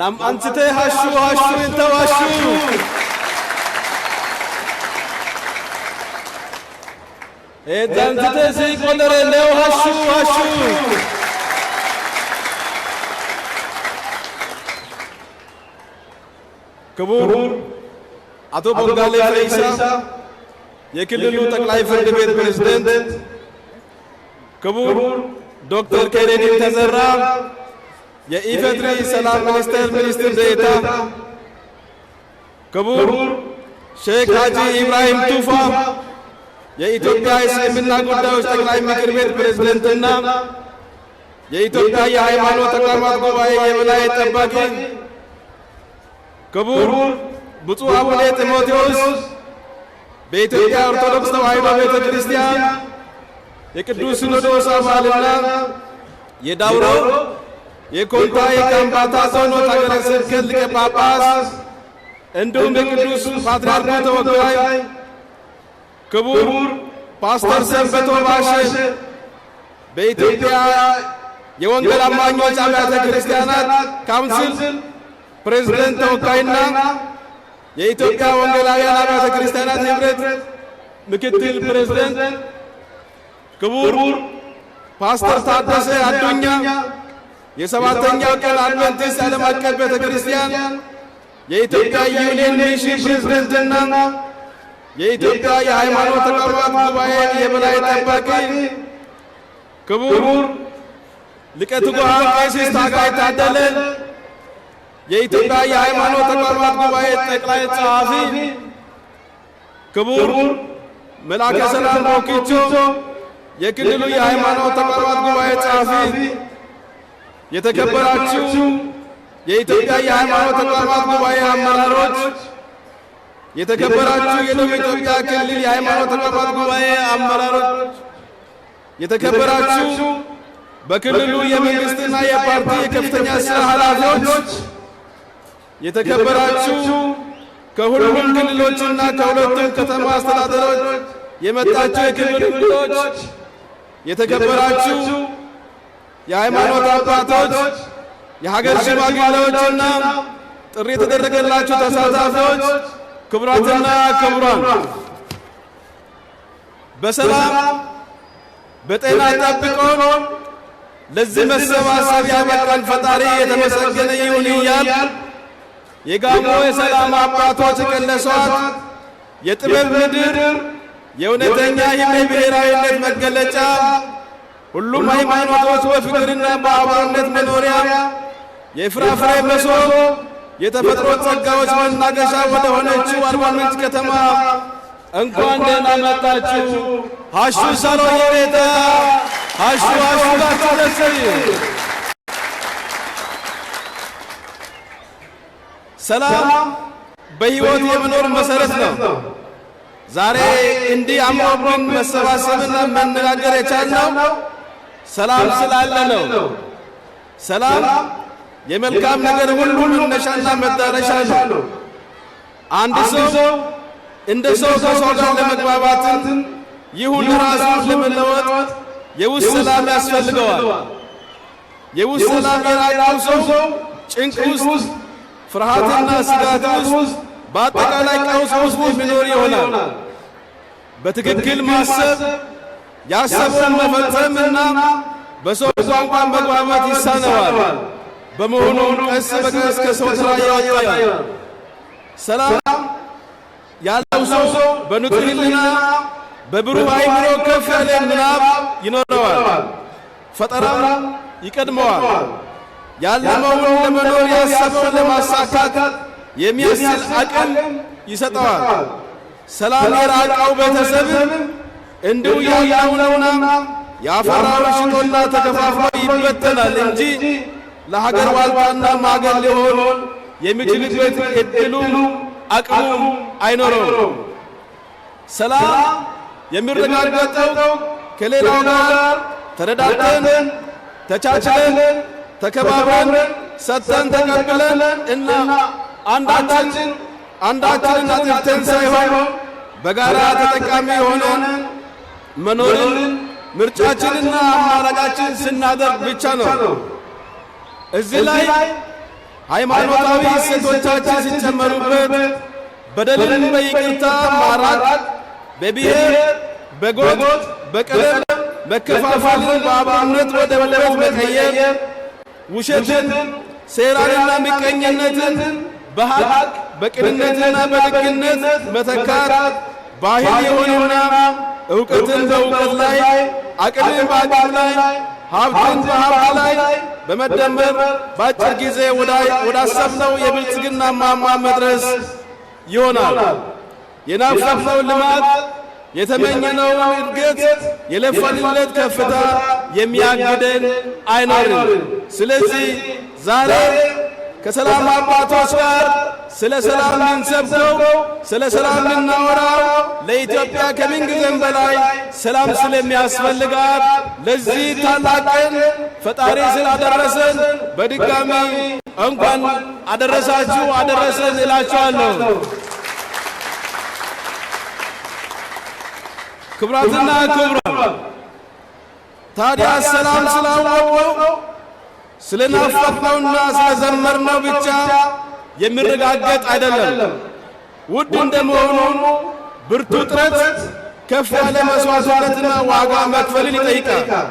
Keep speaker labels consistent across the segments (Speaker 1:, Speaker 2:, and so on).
Speaker 1: nam antite hashu hashu inta hashu. intawashu et zik sikondere leo hashu hashu कबूर अतो बंगाली फरीसा ये किल्लू तकलाई फर्दीबेद प्रेसिडेंट कबूर डॉक्टर कैरेनी तजर्रा የኢፌድሪ ሰላም ሚኒስቴር ሚኒስትር ዴኤታ ክቡር ሼክ ሀጂ ኢብራሂም ቱፋ የኢትዮጵያ እስልምና ጉዳዮች ጠቅላይ ምክር ቤት ፕሬዝደንትና የኢትዮጵያ የሃይማኖት ተቋማት ጉባኤ የበላይ ጠባቂ ክቡር ብፁዕ አቡነ ጢሞቴዎስ በኢትዮጵያ ኦርቶዶክስ ተዋሕዶ ቤተ ክርስቲያን የቅዱስ ሲኖዶስ አባልና የዳውሮ የኮንታ የካምባታ ዞኖች ሀገረ ስብከት ሊቀ ጳጳስ እንዲሁም የቅዱስ ፓትርያርኩ ተወካይ ክቡር ፓስተር ሰንበቶ ባሸ በኢትዮጵያ የወንጌል አማኞች አብያተ ክርስቲያናት ካውንስል ፕሬዝደንት ተወካይና የኢትዮጵያ ወንጌላውያን አብያተ ክርስቲያናት ህብረት ምክትል ፕሬዝደንት ክቡር ፓስተር ታደሰ አዱኛ የሰባተኛው ቀን አድቨንቲስት ዓለም አቀፍ ቤተ ክርስቲያን የኢትዮጵያ ዩኒየን ሚሽን ፕሬዝደንትና የኢትዮጵያ የሃይማኖት ተቋማት ጉባኤ የበላይ ጠባቂ ክቡር ሊቀ ትጉሃን ቀሲስ ታጋይ ታደለ፣ የኢትዮጵያ የሃይማኖት ተቋማት ጉባኤ ጠቅላይ ጸሐፊ ክቡር መልአከ ሰላም ሞኪቾ፣ የክልሉ የሃይማኖት ተቋማት ጉባኤ ጸሐፊ የተከበራችሁ የኢትዮጵያ የሃይማኖት ተቋማት ጉባኤ አመራሮች፣ የተከበራችሁ የደቡብ ኢትዮጵያ ክልል የሃይማኖት ተቋማት ጉባኤ አመራሮች፣ የተከበራችሁ በክልሉ የመንግስትና የፓርቲ የከፍተኛ ስራ ኃላፊዎች፣ የተከበራችሁ ከሁሉም ክልሎችና ከሁለቱም ከተማ አስተዳደሮች የመጣችሁ የክልል ክልሎች፣ የተከበራችሁ የሃይማኖት አባቶች፣ የሀገር ሽማግሌዎችና ጥሪ የተደረገላቸው ተሳታፊዎች ክቡራትና ክቡራን በሰላም በጤና ጠብቆ ለዚህ መሰባሰብ ያበቃን ፈጣሪ የተመሰገነ ይሁን እያል የጋሞ የሰላም አባቶች ቀለሷት የጥበብ ምድር የእውነተኛ የብሔራዊነት መገለጫ ሁሉም ሃይማኖቶች በፍቅርና በአብሮነት መኖሪያ የፍራፍሬ መሶብ የተፈጥሮ ጸጋዎች መናገሻ ወደ ሆነችው አርባ ምንጭ ከተማ እንኳን ደህና መጣችሁ። ሀሹ ሰሮ የቤተ ሀሹ ሀሹ ላቸለሰይ ሰላም በሕይወት የመኖር መሰረት ነው። ዛሬ እንዲህ አምሮብን መሰባሰብና መነጋገር የቻልነው ሰላም ስላለ ነው። ሰላም የመልካም ነገር ሁሉ መነሻና መዳረሻ ነው። አንድ ሰው እንደ ሰው ከሰው ጋር ለመግባባትን ይሁን ራሱን ለመለወጥ የውስጥ ሰላም ያስፈልገዋል። የውስጥ ሰላም የራቀው ሰው ጭንቅ ውስጥ፣ ፍርሃትና ስጋት ውስጥ፣ በአጠቃላይ ቀውስ ውስጥ የሚኖር ይሆናል። በትክክል ማሰብ ያሰበውን መፈጸምና በሰው ቋንቋ መግባባት ይሳነዋል። በመሆኑ ቀስ በቀስ ከሰው ስራ ያወጣል። ሰላም ያለው ሰው በንጹህ ሕሊና በብሩህ አእምሮ ከፍ ያለ ምናብ ይኖረዋል። ፈጠራም ይቀድመዋል። ያለመውን ለመኖር ያሰበውን ለማሳካት የሚያስችል አቅም ይሰጠዋል። ሰላም የራቀው ቤተሰብ እንዲሁ ያለውና ያፈራው ሽቶና ተከፋፍሎ ይበተናል እንጂ ለሀገር ዋልታና ማገር ሊሆን የሚችልበት እድሉ አቅሙ አይኖረው። ሰላም የሚረጋገጠው ከሌላው ጋር ተረዳድተን ተቻችለን ተከባብረን ሰጥተን ተቀብለን እና አንዳችን አንዳችንን አጥፍተን ሳይሆን በጋራ ተጠቃሚ ሆነን መኖርን ምርጫችንና አማራጫችን ስናደርግ ብቻ ነው። እዚህ ላይ ሃይማኖታዊ እሴቶቻችን ሲጨመሩበት በደልን በይቅርታ ማራት፣ በብሔር በጎጥ በቀለም መከፋፈልን በአብሮነት ወደ ውበት መቀየር፣ ውሸትን ሴራንና ምቀኝነትን በሀቅ በቅንነትና በልግነት መተካት ባህል የሆነውና እውቀትን በእውቀት ላይ አቅምን በአቅም ላይ ሀብትን በሀብት ላይ በመደመር በአጭር ጊዜ ወዳሰብነው የብልጽግና ማማ መድረስ ይሆናል። የናፈፈው ልማት፣ የተመኘነው እድገት፣ የለፈንለት ከፍታ የሚያግደን አይኖርም። ስለዚህ ዛሬ ከሰላም አባቶች ጋር ስለ ሰላም ልንሰብከው ስለ ሰላም ልናወራው ለኢትዮጵያ ከምንጊዜም በላይ ሰላም ስለሚያስፈልጋት ለዚህ ታላቅ ቀን ፈጣሪ ስላደረሰን በድጋሚ እንኳን አደረሳችሁ አደረሰን እላችኋለሁ። ክብራትና ክቡራን ታዲያ ሰላም ስላወቀው ስለናፈቅነውና ስለዘመርነው ብቻ የሚረጋገጥ አይደለም። ውድ እንደመሆኑ ብርቱ ጥረት፣ ከፍ ያለ መስዋዕትነትና ዋጋ መክፈልን ይጠይቃል።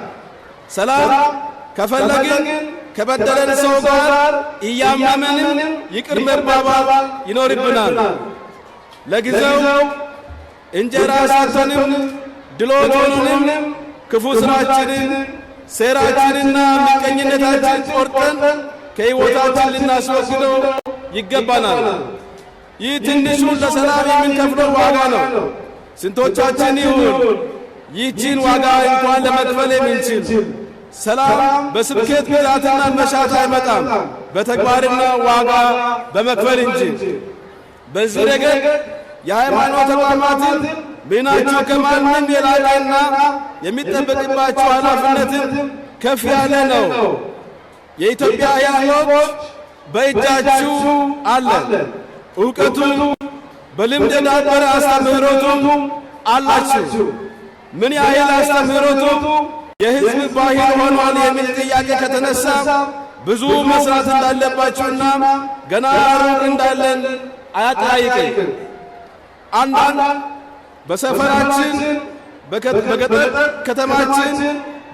Speaker 1: ሰላም ከፈለግን ከበደለን ሰው ጋር እያመንን ይቅር መባባል ይኖርብናል። ለጊዜው እንጀራ ሳተንም ድሎት ሆኖንም ክፉ ስራችንን ሴራችንና ምቀኝነታችን ቆርጠን ከሕይወታችን ልናስወግደው ይገባናል። ይህ ትንሹ ለሰላም የምንከፍለው ዋጋ ነው። ስንቶቻችን ይሁን ይህችን ዋጋ እንኳን ለመክፈል የምንችል? ሰላም በስብከት ብዛትና መሻት አይመጣም፣ በተግባርና ዋጋ በመክፈል እንጂ። በዚህ ረገድ የሃይማኖት ተቋማትን በይናችሁ ከማንም የላቀና የሚጠበቅባችሁ ኃላፊነትም ከፍ ያለ ነው። የኢትዮጵያ ሕዝቦች በእጃችሁ አለ። እውቀቱም በልምድ የዳበረ አስተምህሮቱም አላችሁ። ምን ያህል አስተምህሮቱ የሕዝብ ባህል ሆኗል የሚል ጥያቄ ከተነሳ ብዙ መስራት እንዳለባችሁና ገና ሩቅ እንዳለን አያጠያይቅም። አንዳንድ በሰፈራችን በገጠር ከተማችን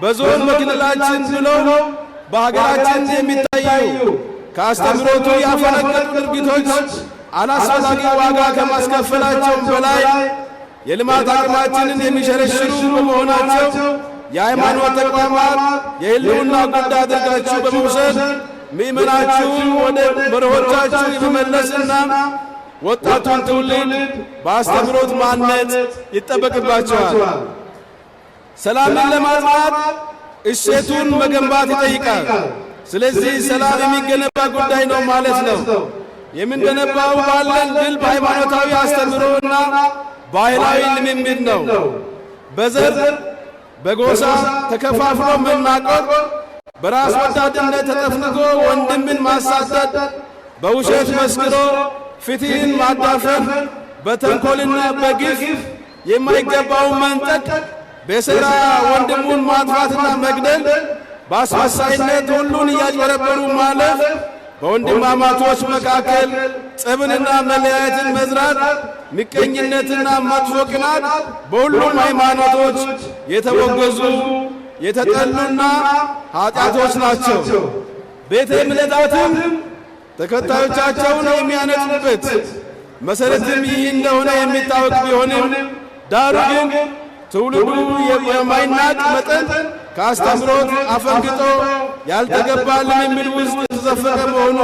Speaker 1: በዞን በክልላችን ብለው በሀገራችን የሚታየው ከአስተምሮቱ ያፈነገጡ ድርጊቶች አላስፈላጊ ዋጋ ከማስከፈላቸው በላይ የልማት አቅማችንን የሚሸረሽሩ በመሆናቸው የሃይማኖት ተቋማት የህልውና ጉዳይ አድርጋችሁ በመውሰድ ምእመናችሁ ወደ መርሆቻችሁ የመመለስና ወጣቱን ትውልድ በአስተምሮት ማነት ይጠበቅባቸዋል። ሰላምን ለማጽናት እሴቱን መገንባት ይጠይቃል። ስለዚህ ሰላም የሚገነባ ጉዳይ ነው ማለት ነው። የምንገነባው ባለን ድል በሃይማኖታዊ አስተምሮና ባህላዊ ልምምድ ነው። በዘር በጎሳ ተከፋፍሎ መናቆር፣ በራስ ወዳድነት ተጠፍንጎ ወንድምን ማሳደድ፣ በውሸት መስክሮ ፍትህን ማዳፈር፣ በተንኮልና በግፍ የማይገባውን መንጠቅ፣ በሥራ ወንድሙን ማጥፋትና መግደል፣ በአስመሳይነት ሁሉን እያጭበረበሩ ማለፍ፣ በወንድማማቾች መካከል ጽብንና መለያየትን መዝራት፣ ምቀኝነትና መጥፎ ቅናት በሁሉም ሃይማኖቶች የተወገዙ የተጠሉና ኃጢአቶች ናቸው። ቤተ እምነታትም ተከታዮቻቸውን የሚያነጹበት መሰረትም ይህ እንደሆነ የሚታወቅ ቢሆንም ዳሩ ግን ትውልዱ የማይናቅ መጠን ከአስተምሮት አፈንግጦ ያልተገባ ልምምድ ውስጥ የተዘፈቀ መሆኑ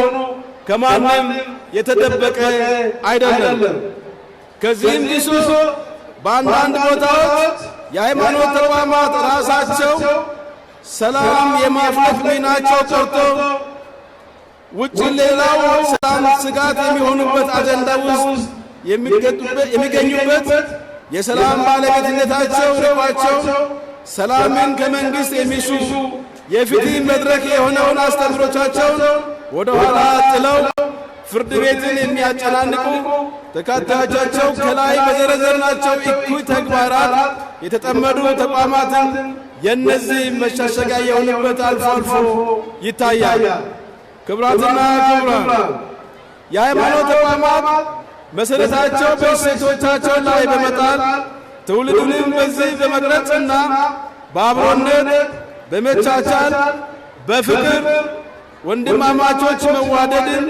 Speaker 1: ከማንም የተደበቀ አይደለም። ከዚህም ብሶ በአንዳንድ ቦታዎች የሃይማኖት ተቋማት ራሳቸው ሰላም የማፍለፍ ሚናቸው ቀርቶ ውጭ ሌላው ሰላም ስጋት የሚሆኑበት አጀንዳ ውስጥ የሚገኙበት የሰላም ባለቤትነታቸው ርቋቸው ሰላምን ከመንግሥት የሚሹ የፍትህ መድረክ የሆነውን አስተምህሮቻቸውን ወደ ኋላ ጥለው ፍርድ ቤትን የሚያጨናንቁ ተካታዮቻቸው ከላይ በዘረዘርናቸው እኩይ ተግባራት የተጠመዱ ተቋማትን የእነዚህ መሻሸጊያ የሆኑበት አልፎ አልፎ ይታያል። ክብራትና ክቡራን የሃይማኖት ተቋማት መሰረታቸው በእሴቶቻቸው ላይ በመጣል ትውልዱንም በዚህ በመቅረጽና በአብሮነት በመቻቻል በፍቅር ወንድማማቾች መዋደድን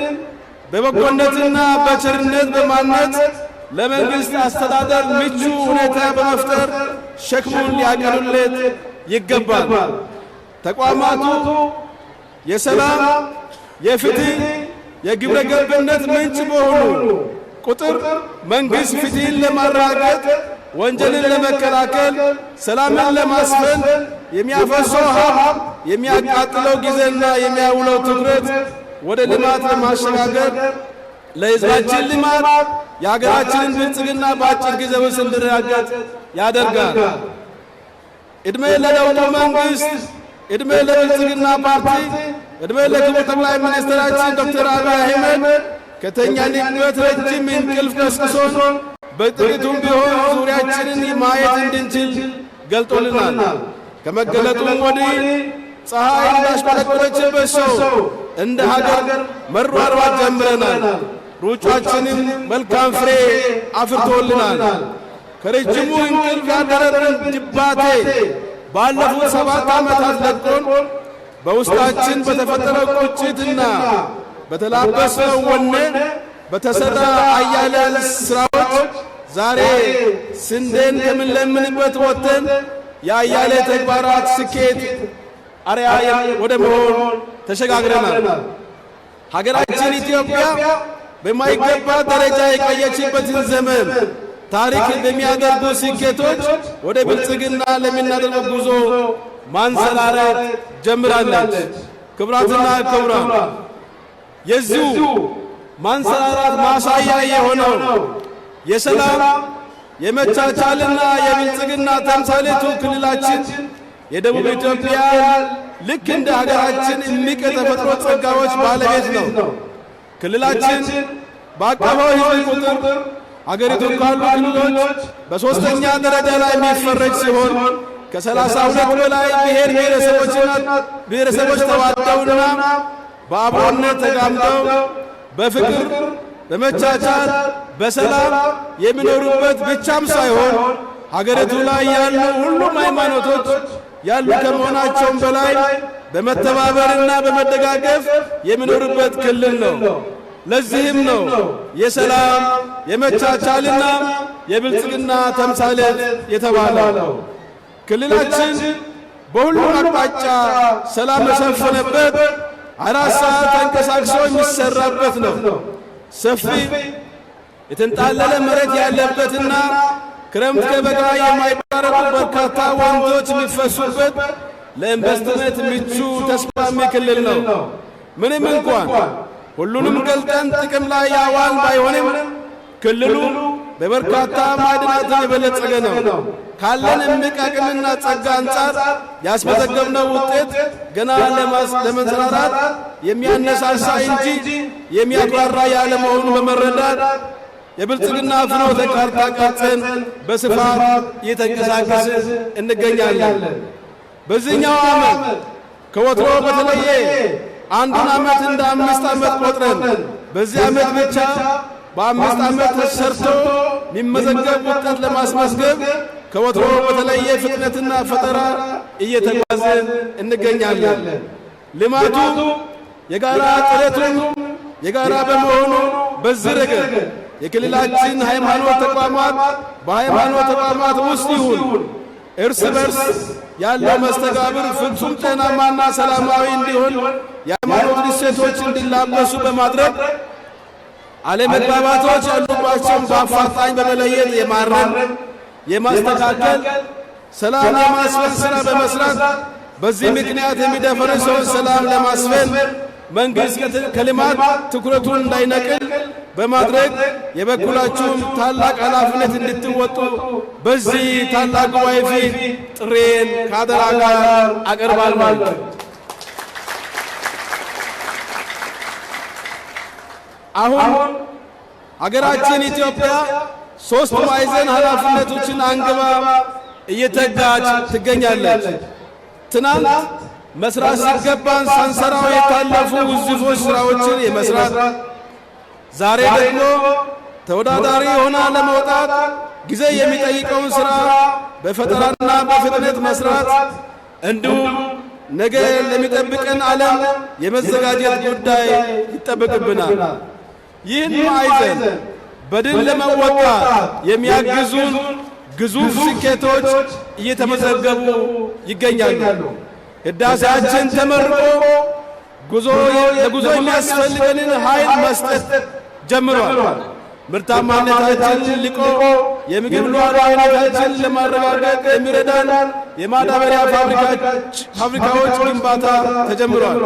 Speaker 1: በበጎነትና በቸርነት በማነት ለመንግሥት አስተዳደር ምቹ ሁኔታ በመፍጠር ሸክሙን ሊያቀሉለት ይገባል። ተቋማቱ የሰላም የፍትህ የግብረ ገብነት ምንጭ በሆኑ ቁጥር መንግሥት ፍትህን ለማረጋገጥ ወንጀልን ለመከላከል፣ ሰላምን ለማስፈን የሚያፈሰው ሀብት የሚያቃጥለው ጊዜና የሚያውለው ትኩረት ወደ ልማት ለማሸጋገር ለሕዝባችን ልማት የሀገራችንን ብልጽግና በአጭር ጊዜ ውስጥ እንዲረጋገጥ ያደርጋል። ዕድሜ ለለውጡ መንግሥት፣ ዕድሜ ለብልጽግና ፓርቲ ዕድሜ ለክቡር ጠቅላይ ሚኒስትራችን ዶክተር አብይ አህመድ ከተኛንበት ረጅም እንቅልፍ ቀስቅሶን በጥቂቱም ቢሆን ዙሪያችንን ማየት እንድንችል ገልጦልናል። ከመገለጡም ወዲህ ፀሐይ እንዳሽቆለቆለችበት ሰው እንደ ሀገር መሯሯጥ ጀምረናል። ሩጫችንም መልካም ፍሬ አፍርቶልናል። ከረጅሙ እንቅልፍ ያደረብን ድባቴ ባለፉት ሰባት ዓመታት ለቆን በውስጣችን በተፈጠረ ቁጭትና በተላበሰው ወኔ በተሰጣ አያሌ ስራዎች ዛሬ ስንዴን ከምንለምንበት ወጥተን የአያሌ ተግባራት ስኬት አርአያ ወደ መሆን ተሸጋግረናል። ሀገራችን ኢትዮጵያ በማይገባ ደረጃ የቆየችበትን ዘመን ታሪክ በሚያደርጉ ስኬቶች ወደ ብልጽግና ለምናደርገው ጉዞ ማንሰራረት ጀምራለች። ክብራትና ክብራ የዚሁ ማንሰራራት ማሳያ የሆነው የሰላም የመቻቻልና የብልጽግና ተምሳሌቱ ክልላችን የደቡብ ኢትዮጵያ ልክ እንደ ሀገራችን እምቅ የተፈጥሮ ጸጋዎች ባለቤት ነው። ክልላችን በአቀባዊ ሕዝብ ቁጥር አገሪቱ ካሉ ክልሎች በሦስተኛ ደረጃ ላይ የሚፈረጅ ሲሆን ከሰላሳ ሁለት በላይ ብሔር ብሔረሰቦች ተዋደውና በአብሮነት ተጋምደው በፍቅር በመቻቻል በሰላም የሚኖሩበት ብቻም ሳይሆን ሀገሪቱ ላይ ያሉ ሁሉም ሃይማኖቶች ያሉ ከመሆናቸውም በላይ በመተባበርና በመደጋገፍ የሚኖሩበት ክልል ነው። ለዚህም ነው የሰላም የመቻቻልና የብልጽግና ተምሳሌት የተባለው። ክልላችን በሁሉም አቅጣጫ ሰላም የሰፈነበት አራት ሰዓት ተንቀሳቅሶ የሚሰራበት ነው። ሰፊ የተንጣለለ መሬት ያለበትና ክረምት ከበጋ የማይቋረጡ በርካታ ወንዞች የሚፈሱበት ለኢንቨስትመንት ምቹ ተስማሚ ክልል ነው። ምንም እንኳን ሁሉንም ገልጠን ጥቅም ላይ ያዋል ባይሆንም ክልሉ በበርካታ ማዕድናትን የበለጸገ ነው። ካለን እምቅ አቅምና ጸጋ አንጻር ያስመዘገብነው ውጤት ገና ለመንሰራራት የሚያነሳሳ እንጂ የሚያኩራራ ያለመሆኑ በመረዳት የብልጽግና ፍኖተ ካርታ ቀርጸን በስፋት እየተንቀሳቀስ እንገኛለን። በዚህኛው ዓመት ከወትሮ በተለየ አንዱን ዓመት እንደ አምስት ዓመት ቆጥረን በዚህ ዓመት ብቻ በአምስት ዓመት ሰርቶ የሚመዘገብ ውጤት ለማስመዝገብ ከወትሮ በተለየ ፍጥነትና ፈጠራ እየተጓዘ እንገኛለን። ልማቱ የጋራ ጥረቱ የጋራ በመሆኑ በዚህ ረገድ የክልላችን ሃይማኖት ተቋማት በሃይማኖት ተቋማት ውስጥ ይሁን እርስ በርስ ያለው መስተጋብር ፍጹም ጤናማና ሰላማዊ እንዲሆን የሃይማኖት እሴቶች እንዲላበሱ በማድረግ አለመግባባቶች ያሉባቸውን በአፋጣኝ በመለየት የማረም የማስተካከል ሰላም የማስፈን ስራ በመስራት በዚህ ምክንያት የሚደፈሩ ሰዎች ሰላም ለማስፈን መንግሥት ከልማት ትኩረቱን እንዳይነቅል በማድረግ የበኩላችሁም ታላቅ ኃላፊነት እንድትወጡ በዚህ ታላቅ ጉባኤ ፊት ጥሬን ከአደራ ጋር አቀርባለሁ። አሁን ሀገራችን ኢትዮጵያ ሶስት ማዕዘን ኃላፊነቶችን አንግባ እየተጋች ትገኛለች። ትናንት መስራት ሲገባን ሳንሰራው የታለፉ ውዝፎች ስራዎችን የመስራት ዛሬ ደግሞ ተወዳዳሪ ሆና ለመውጣት ጊዜ የሚጠይቀውን ስራ በፈጠራና በፍጥነት መስራት እንዲሁም ነገ ለሚጠብቀን ዓለም የመዘጋጀት ጉዳይ ይጠበቅብናል። ይህን ማዕዘን በድል ለመወጣት የሚያግዙን ግዙፍ ስኬቶች እየተመዘገቡ ይገኛሉ። ህዳሴያችን ተመርቆ ጉዞ ለጉዞ የሚያስፈልገንን ኃይል መስጠት ጀምሯል። ምርታማነታችን ልቆ የምግብ ሉዓላዊነታችን ለማረጋገጥ የሚረዳን የማዳበሪያ ፋብሪካዎች ግንባታ ተጀምሯል።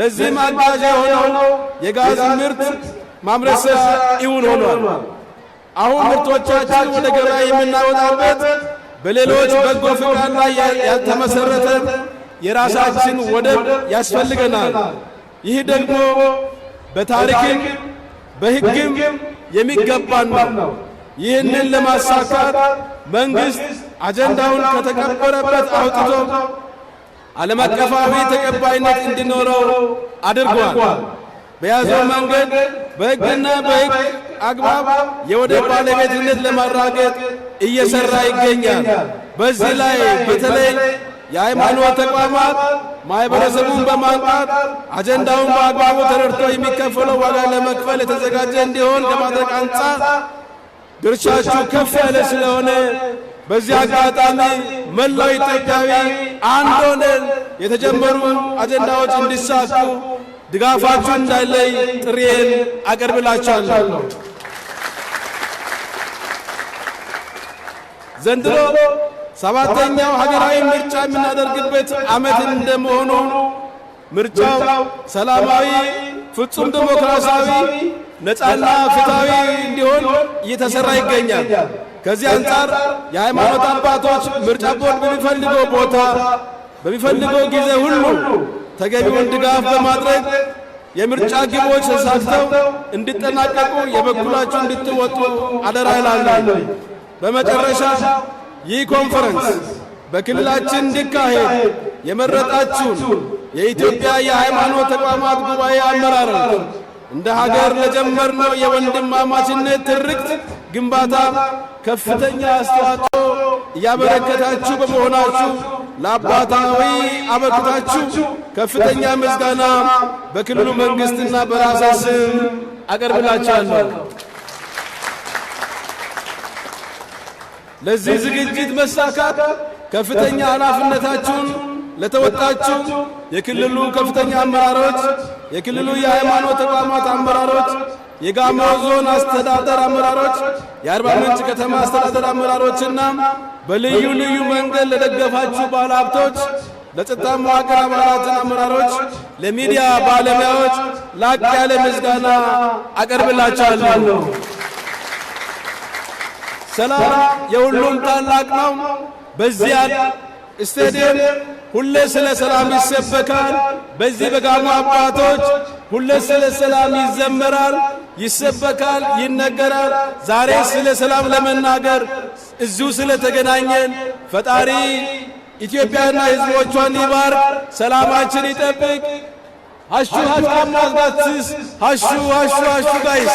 Speaker 1: ለዚህም አጋዥ የሆነው የጋዝ ምርት ማምረት ይሁን ሆኗል። አሁን ምርቶቻችን ወደ ገበያ የምናወጣበት በሌሎች በጎ ፍቃድ ላይ ያልተመሰረተ የራሳችን ወደብ ያስፈልገናል። ይህ ደግሞ በታሪክም በሕግም የሚገባን ነው። ይህንን ለማሳካት መንግሥት አጀንዳውን ከተቀበረበት አውጥቶ ዓለም አቀፋዊ ተቀባይነት እንዲኖረው አድርጓል። በያዘው መንገድ በሕግና በሕግ አግባብ የወደብ ባለቤትነት ለማራገጥ እየሰራ ይገኛል። በዚህ ላይ በተለይ የሃይማኖት ተቋማት ማህበረሰቡን በማንቃት አጀንዳውን በአግባቡ ተረድቶ የሚከፈለው ዋጋ ለመክፈል የተዘጋጀ እንዲሆን ለማድረግ አንጻር ድርሻችሁ ከፍ ያለ ስለሆነ በዚህ አጋጣሚ መላው ኢትዮጵያዊ አንድ ሆነን የተጀመሩ አጀንዳዎች እንዲሳኩ ድጋፋችሁ እንዳለይ ጥሪዬን አቀርብላችኋለሁ። ዘንድሮ ሰባተኛው ሀገራዊ ምርጫ የምናደርግበት ዓመት እንደመሆኑ ምርጫው ሰላማዊ፣ ፍጹም ዲሞክራሲያዊ፣ ነፃና ፍትሃዊ እንዲሆን እየተሰራ ይገኛል። ከዚህ አንጻር የሃይማኖት አባቶች ምርጫ ቦርድ በሚፈልገው ቦታ በሚፈልገው ጊዜ ሁሉ ተገቢውን ድጋፍ በማድረግ የምርጫ ግቦች ተሳክተው እንዲጠናቀቁ የበኩላችሁ እንድትወጡ አደራ ይላለን። በመጨረሻ ይህ ኮንፈረንስ በክልላችን እንዲካሄድ የመረጣችሁን የኢትዮጵያ የሃይማኖት ተቋማት ጉባኤ አመራሮች እንደ ሀገር ለጀመርነው የወንድማማችነት ትርክት ግንባታ ከፍተኛ አስተዋጽኦ እያበረከታችሁ በመሆናችሁ ለአባታዊ አመክታችሁ ከፍተኛ ምስጋና በክልሉ መንግስትና በራሳ ስም አቀርብላችኋለሁ። ለዚህ ዝግጅት መሳካት ከፍተኛ ኃላፊነታችሁን ለተወጣችሁ የክልሉ ከፍተኛ አመራሮች፣ የክልሉ የሃይማኖት ተቋማት አመራሮች፣ የጋሞ ዞን አስተዳደር አመራሮች፣ የአርባ ምንጭ ከተማ አስተዳደር አመራሮችና በልዩ ልዩ መንገድ ለደገፋችሁ ባለ ሀብቶች ለጸጥታ መዋቅር አባላትና አመራሮች፣ ለሚዲያ ባለሙያዎች ላቅ ያለ ምስጋና አቀርብላችኋለሁ። ሰላም የሁሉም ታላቅ ነው። በዚያ ስቴዲየም ሁሌ ስለ ሰላም ይሰበካል። በዚህ በጋሞ አባቶች ሁሌ ስለ ሰላም ይዘመራል፣ ይሰበካል፣ ይነገራል። ዛሬ ስለ ሰላም ለመናገር እዚሁ ስለተገናኘን ፈጣሪ ኢትዮጵያና ሕዝቦቿን ይባር፣ ሰላማችን ይጠብቅ። ሀሹ ሀሹ አማዝባትስ ሀሹ ሀሹ ሀሹ ጋይስ